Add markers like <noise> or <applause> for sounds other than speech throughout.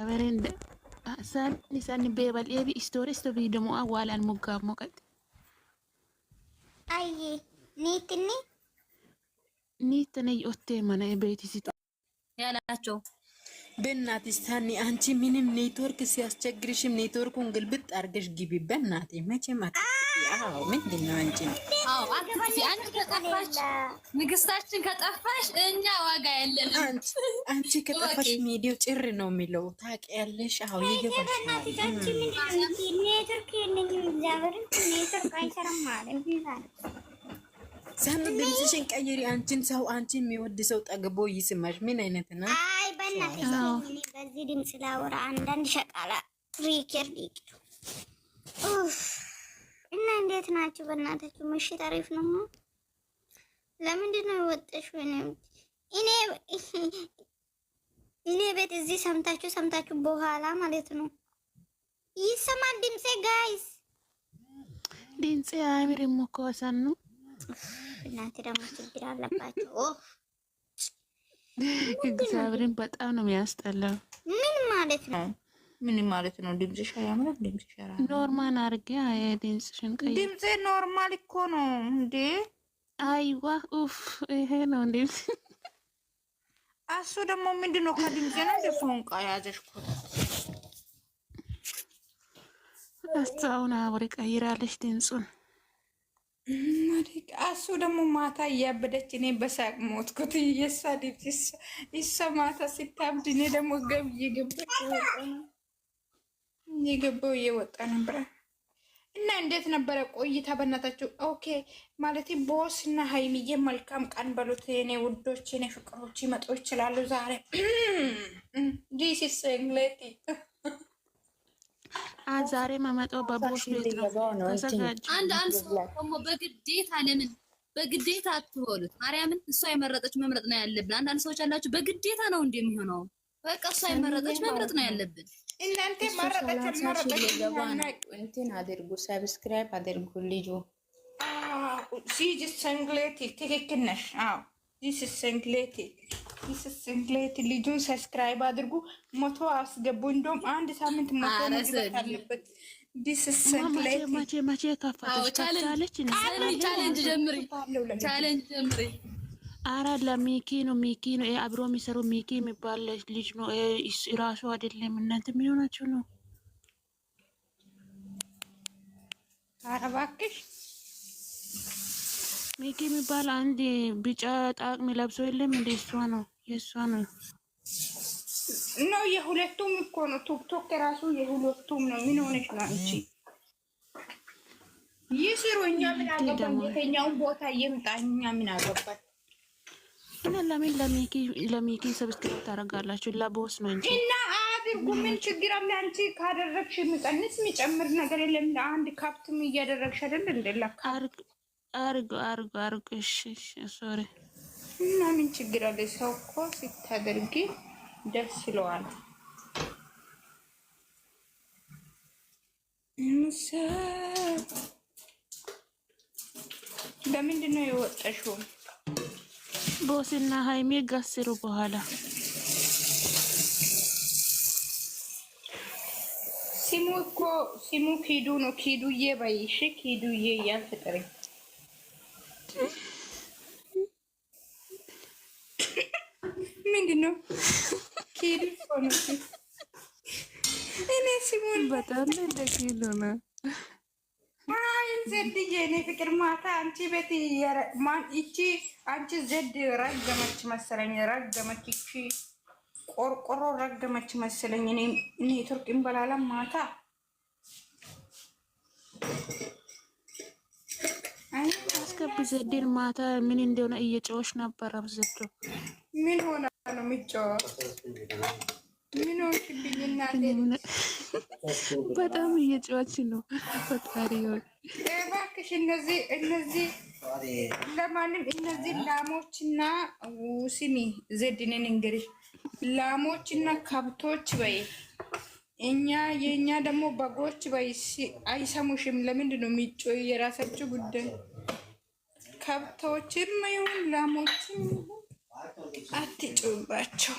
Gabareen sabni sabni bee bal'ee istorii istorii deemu awwaalaan moggaaf moqate. Ayyi niitinni. Niitana yottee mana beetisitu. Yaalaachoo. በእናትሽ ታኒ አንቺ ምንም ኔትወርክ ሲያስቸግርሽም ኔትወርኩን ግልብጥ አርገሽ ግቢ። በእናቴ መቼም አዎ፣ ምንድን ነው አንቺ ንግስታችን ከጠፋሽ እኛ ዋጋ ያለን አንቺ ከጠፋሽ ሚዲዮ ጭር ነው የሚለው ታውቂያለሽ። አዎ፣ ይገባሽ ኔትወርክ የለኝም ዛብር ኔትወርክ አይሰራም ማለት ሳሚ ድምፅሽን ቀይሪ። አንቺን ሰው አንቺን የሚወድ ሰው ጠግቦ ይስማሽ። ምን አይነት ነው? አይ በእናትሽ በዚህ ድምፅ ላወራ አንዳንድ ሸቃላ ሪኬርድ ይቅሩ እና እንዴት ናችሁ? በእናታችሁ ምሽት አሪፍ ነው። ለምንድን ነው የወጠሽ? ወይም እኔ እኔ ቤት እዚህ ሰምታችሁ ሰምታችሁ በኋላ ማለት ነው ይሰማል ድምፄ ጋይስ ድምፄ አእምር ሞከወሰን ነው እናንተ ደግሞ ችግር አለባቸው። <laughs> እግዚአብሔርን በጣም ነው የሚያስጠላው። ምን ማለት ነው? ምን ማለት ነው? ድምፅሽ አያምርም። ድምፅሽ ኖርማል ድምፅሽን ቀይ ድምፅ ኖርማል እኮ ነው እንዴ! አይዋ ኡፍ፣ ይሄ ነው <laughs> እሱ ደግሞ ምንድን ነው? ከድምፅ ነው እንደ ፎንቃ ያዘሽ እኮ ድምፁን እሱ ደግሞ ማታ እያበደች እኔ በሳቅ ሞትኩት። የሳ ድምፅ ይሳ ማታ ሲታብድ እኔ ደግሞ ገብ እየገባው እየወጣ ነበረ። እና እንዴት ነበረ ቆይታ በእናታችሁ? ኦኬ ማለት ቦስ እና ሀይሚዬ መልካም ቀን በሉት እኔ ውዶች፣ እኔ ፍቅሮች። ይመጡ ይችላሉ ዛሬ <clears throat> ዲስ ኢዝ እንግሊዝ ዛሬ መመጣው በቦሽ ቤት ነው። በግዴታ ለምን በግዴታ አትሆኑት? ማርያምን እሷ የመረጠች መምረጥ ነው ያለብን። አንዳንድ ሰዎች አላችሁ በግዴታ ነው እንደ የሚሆነው። በቃ እሷ የመረጠች መምረጥ ነው ያለብን። እናንተ መረጠች መረጠች እንትን አድርጉ፣ ሰብስክራይብ አድርጉ። ልጁ ሲጅ ሰንግሌት ትክክል ነሽ። አዎ ስንክሌት ልጁን ሰብስክራይብ አድርጉ፣ ሞቶ አስገቡ። እንደውም አንድ ሳምንት መቶ መግባት አለበት። መቼ ከፈተች? አረ ለሚኪ ነው ሚኪ ነው አብሮ የሚሰሩ ሚኪ የሚባል ልጅ ነው ራሱ አይደለም። እናንተ ምን ነው? አረ እባክሽ ሚኪ የሚባል አንድ ቢጫ ጣቅም ለብሶ የለም እንደ እሷ ነው የእሷ ነው ነው። የሁለቱም እኮ ነው። ቶክቶክ ራሱ የሁለቱም ነው። ምን ሆነች ነው አንቺ? ይህ ስሩ። እኛ ምን አገባን? የተኛውን ቦታ እየምጣ እኛ ምን አገባን? እና ለምን ለሚኪ ሰብስክራይብ ታደርጋላችሁ? ለቦስ ነው እንጂ እና አድርጉ። ምን ችግር አለ? አንቺ ካደረግሽ የሚቀንስ የሚጨምር ነገር የለም። ለአንድ ካብትም እያደረግሽ አይደል? እንደላ አርጎ አርጎ አርጎ እሺ፣ ሶሪ እና ምን ችግር አለ? ሰው እኮ ሲታደርጊ ደስ ይለዋል። ለምንድን ነው የወጣሽው? ቦስና ሃይሜ ጋስሩ በኋላ ሲሙ እኮ ሲሙ ኪዱ ነው። ኪዱዬ ባይሽ ኪዱዬ እያልሽ ጥሪ ሲሙን በጣም ደግ ሆነ። ዘድዬ እኔ ፍቅር ማታ አንቺ ቤት ማን ይቺ አንቺ ዘድ ረገመች መሰለኝ፣ ረገመች ይቺ ቆርቆሮ ረገመች መሰለኝ። እኔ ቱርቅ እንበላለን ማታ አስገብ ዘዴን ማታ ምን እንደሆነ እየጨወች ነበረ። ዘዶ ምን ሆና ነው የሚጫወው? ምን ሆንሽብኝ እናቴ? በጣም እየጨዋች ነው። ፈጣሪ ሆይ እባክሽ እነዚህ እነዚህ ለማንም እነዚህ ላሞችና ስሚ ዘድንን እንግዲህ ላሞችና ከብቶች በይ እኛ የእኛ ደግሞ በጎች በይ አይሰሙሽም። ለምንድን ነው የሚጮ የራሳቸው ጉዳይ ከብቶችም ይሁን ላሞችም አትጮባቸው።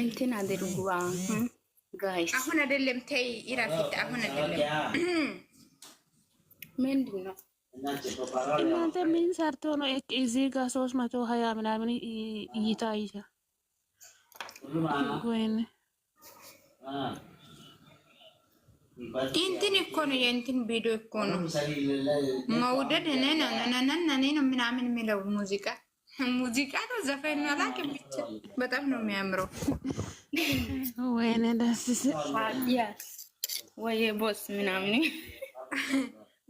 እንትን አድርጉ ጋይስ። አሁን አይደለም ተይ፣ ኢራፊት አሁን አይደለም። ምንድን ነው እናንተ ምን ሰርቶ ነው እዚህ ጋር ሶስት መቶ ሀያ ምናምን እይታይሻ? ወይኔ እንትን እኮ ነው የእንትን ቪዲዮ እኮ ነው መውደድ ነነነነነ ነው ምናምን የሚለው ሙዚቃ ሙዚቃ ነው፣ ዘፈን ነው። ላክ የሚችል በጣም ነው የሚያምረው። ወይኔ ደስ ወይ ቦስ ምናምን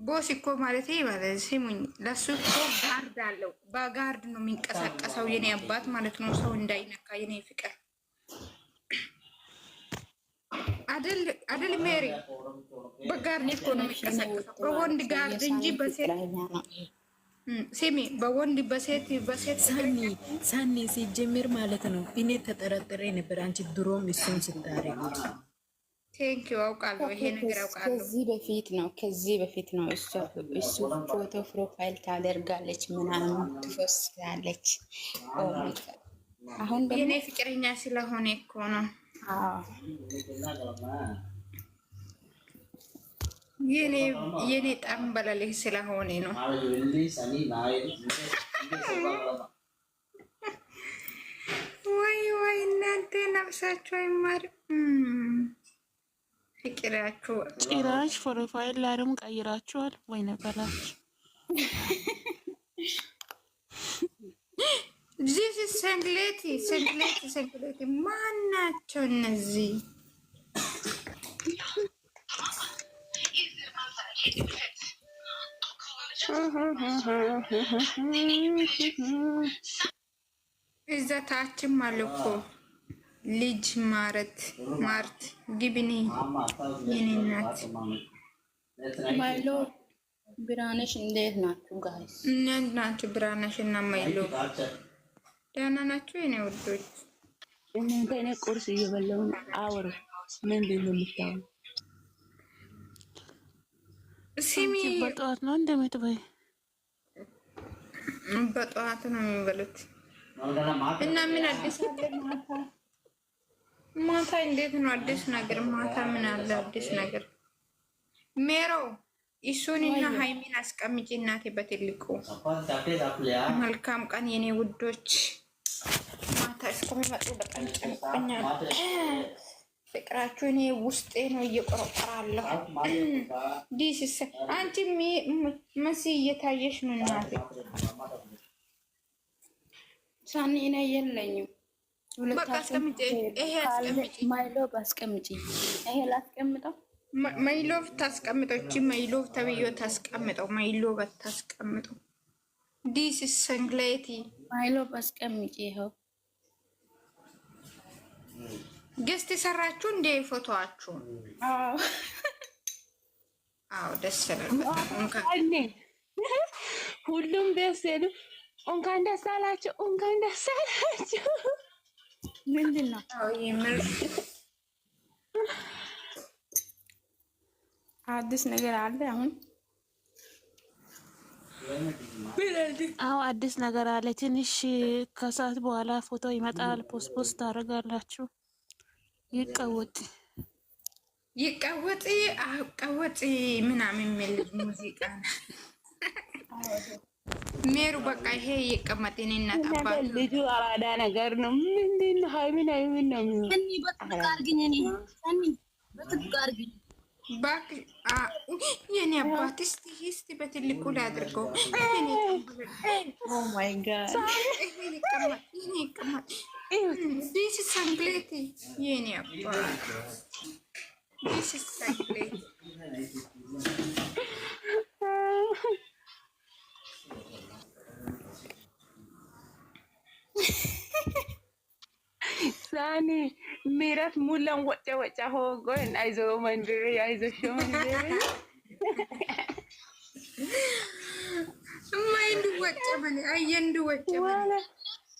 ቦስ እኮ ማለት ማለት ሲሙኝ ለሱ እኮ ጋርድ አለው። በጋርድ ነው የሚንቀሳቀሰው የኔ አባት ማለት ነው። ሰው እንዳይነካ የኔ ፍቅር አደል ሜሪ፣ በጋርድ እኮ ነው የሚንቀሳቀሰው በወንድ ጋርድ እንጂ በሴት ስሚ በወንድ በሴት በሴት ሳኒ ሳኒ ሲጀምር ማለት ነው። እኔ ተጠረጥሬ ነበር አንቺ ድሮም እሱን ስታረጊ ዩ አውቃለሁ። ይሄ ነገር አውቃለሁ። ከዚህ በፊት ነው ከዚህ በፊት ነው እሱ ፎቶ ፕሮፋይል ታደርጋለች ምናምን ትፎስላለች። አሁን የኔ ፍቅረኛ ስለሆነ እኮ ነው። የኔ ጠንበለሌ ስለሆነ ነው። ወይ ወይ እናንተ ነፍሳችሁ ይማር። ፍቅራችሁ ጭራሽ ፕሮፋይል ላይም ቀይራችኋል ወይ ነበራችሁ? ዚህ ስንግሌት ስንግሌት ስንግሌት ማን ናቸው እነዚህ? እዛ ታችም አለ እኮ ልጅ ማረት ማርት ግብኒ የኔ እናት ማይሎ ብራነሽ እንዴት ናችሁ ጋይስ? እንዴት ናችሁ ብራነሽ እና ማይሎ ደህና ናችሁ የኔ ውዶች? እናንተ እኔ ቁርስ እየበላሁ ነው። አውር ምን ብሎ የምታወሩ ሲሚ በጠዋት ነው እንደምትበይ? በጠዋት ነው የሚበሉት። እና ምን አዲስ አለ ማታ? ማታ እንዴት ነው አዲስ ነገር? ማታ ምን አለ አዲስ ነገር? ሜሮ እሱንና ሃይሚን አስቀምጪ እናቴ በትልቁ። መልካም ቀን የኔ ውዶች። ማታ እስከሚመጡ በጣም ጨንቆኛል። ፍቅራችሁ እኔ ውስጤ ነው እየቆረቆራለሁ። <clears throat> ዲስስ አንቺ መሲ እየታየሽ ነው እናቴ። ሳኔና የለኝም ማይሎቭ አስቀምጪ። ይሄ ላስቀምጠው። ማይሎቭ ታስቀምጠው። እቺ ማይሎቭ ተብዮ ታስቀምጠው። ማይሎቭ ታስቀምጠው። ዲስ ሰንግላይቲ ማይሎቭ አስቀምጪ። ይኸው ገስት የሰራችሁ እንዴ ፎቶዋችሁ ደስ ሁሉም ደስ ይሉ። እንኳን ደስ አላችሁ፣ እንኳን ደስ አላችሁ። ምንድን ነው አዲስ ነገር አለ? አሁን አዎ አዲስ ነገር አለ። ትንሽ ከሰዓት በኋላ ፎቶ ይመጣል። ፖስት ፖስት ታደርጋላችሁ። ይቀወጥ ይቀወጥ አቀወጥ ምናምን የሚል ሙዚቃ ነው። ሜሩ በቃ ይሄ ይቀመጥ። እኔ እናት ልጁ አራዳ ነገር ነው። ምንድን ነው ሀይሚን ሀይሚን ነው የሚሆን። እኔ በጥብቅ አድርግኝ፣ እኔ በጥብቅ አድርግኝ የኔ አባት ስቲ ስቲ በትልቁ ላይ አድርገው። ማይ ጋድ ይቀመጥ ይቀመጥ ሳኒ ሚረት ሙላን ወጨ ወጨ ሆጎን አይዞ መንድሬ አይዞ ሾመንድሬ እማ ወጨ መን አየ ወጨ መን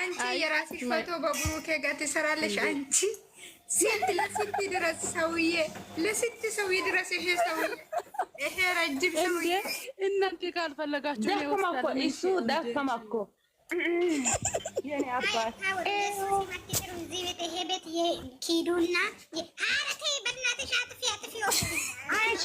አንቺ የራስሽ ፎቶ በብሩኬ ጋር ትሰራለሽ። አንቺ ሴት ለስት ድረስ ሰውዬ ለስት ሰውዬ ድረስ ይሄ ሰውዬ ይሄ ረጅም ሰውዬ እናንተ ካልፈለጋችሁ ደከማ እኮ እሱ ደከማ እኮ የኔ አባት ኪዱና አረቴ በእናትሽ አጥፊ አጥፊ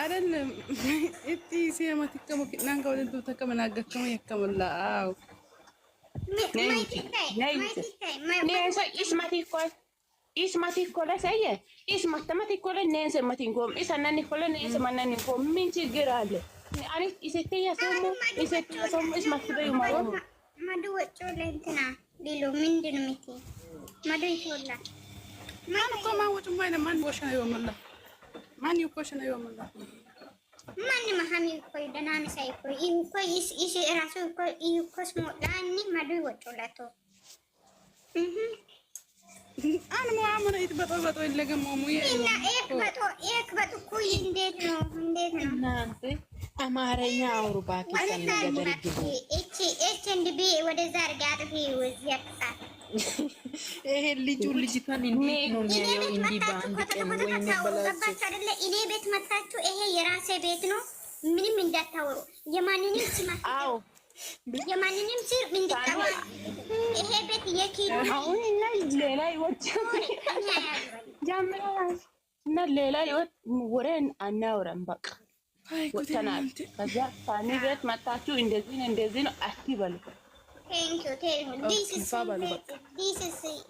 አይደለም እቲ ሲማትከሙ ናንከ ወደንቱ ተከመ ናገከሙ የከሙላ አው ምን ችግር አለ? ማን ማን ይኮሽ ነው ይወምና ማንም ሀሚ እኮ ደናንሳ እኮ እኮ እሺ ራሱ እኮ እኮስ ሞላኒ ማዱ ይወጡላቶ እህ አን ሙአምር ይትበጦ በጦ ይለገም ሙ እና ኤክ በጦ ኤክ በጦ እኮ እንዴት ነው እንዴት ነው እናንተ አማርኛ አውሩ ባኪ ሰነ ገደርግ እቺ እቺ እንዲህ ወደዛ አርጋ አጥፊ ወዚያ ቅጣት ይሄ ልጁ ልጅቷን እንዴት ነው የሚያየው? እንዲህ በአንድ ቀን ወይ መበላቸው አይደለ? እኔ ቤት መታችሁ፣ ይሄ የራሴ ቤት ነው። ምንም እንዳታወሩ፣ የማንንም ስማ፣ የማንንም ስር እንድታወሩ። ይሄ ቤት የኪዱ አሁን እና ሌላ ይወጭ ጀምራ እና ሌላ ይወጥ ወሬን አናውረን በቃ ወጥተናል። ከዛ ፋኒ ቤት መታችሁ፣ እንደዚህ እንደዚህ ነው አትበሉ Thank you, thank you. This is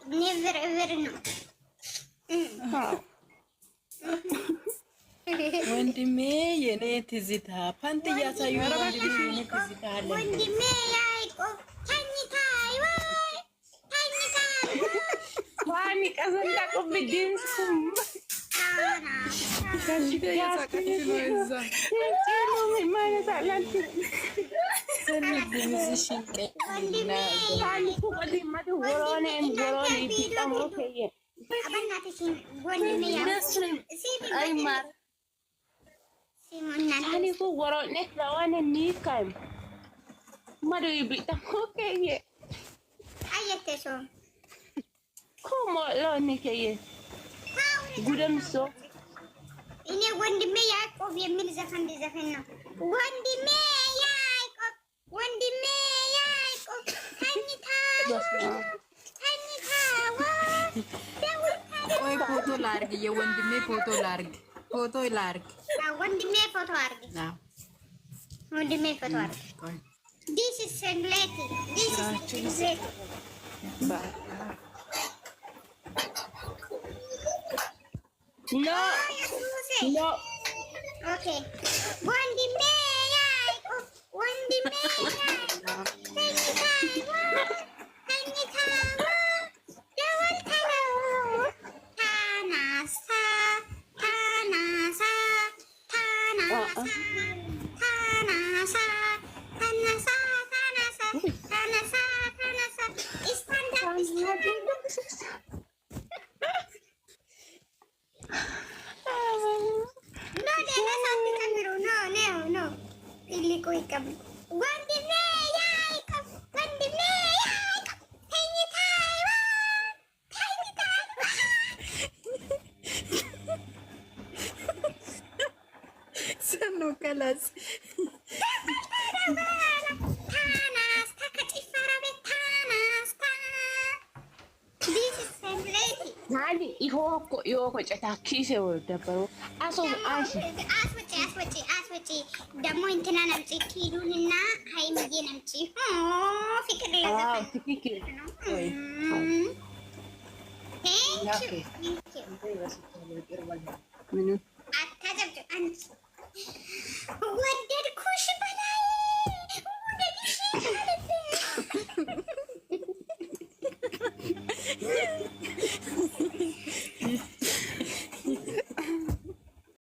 never ever no. When the May and it is it happen to yes, I you are the May I go. Tiny Kai, why? Tiny Kai, why? Why? Because I'm not going to be doing some. Because you're not going to be doing some. ጉደምሶ እኔ ወንድሜ ያዕቆብ የሚል ዘፈን ዘፈን ነው ወንድሜ ላርግ፣ የወንድሜ ፎቶ ላርግ፣ ፎቶ ላርግ፣ ወንድሜ ፎቶ አርግ፣ ወንድሜ ፎቶ አርግ። ወንድሜ ወንድሜ ከላስ ይሆ እኮ ጨታ ኪሴ ደበሮ ሰው አስወጪ አስወጪ አስወጪ። ደግሞ እንትናን አምጪ ኪሉንና ሀይሚዬን አምጪ። ፍቅር ወደድኩሽ በላይ <laughs>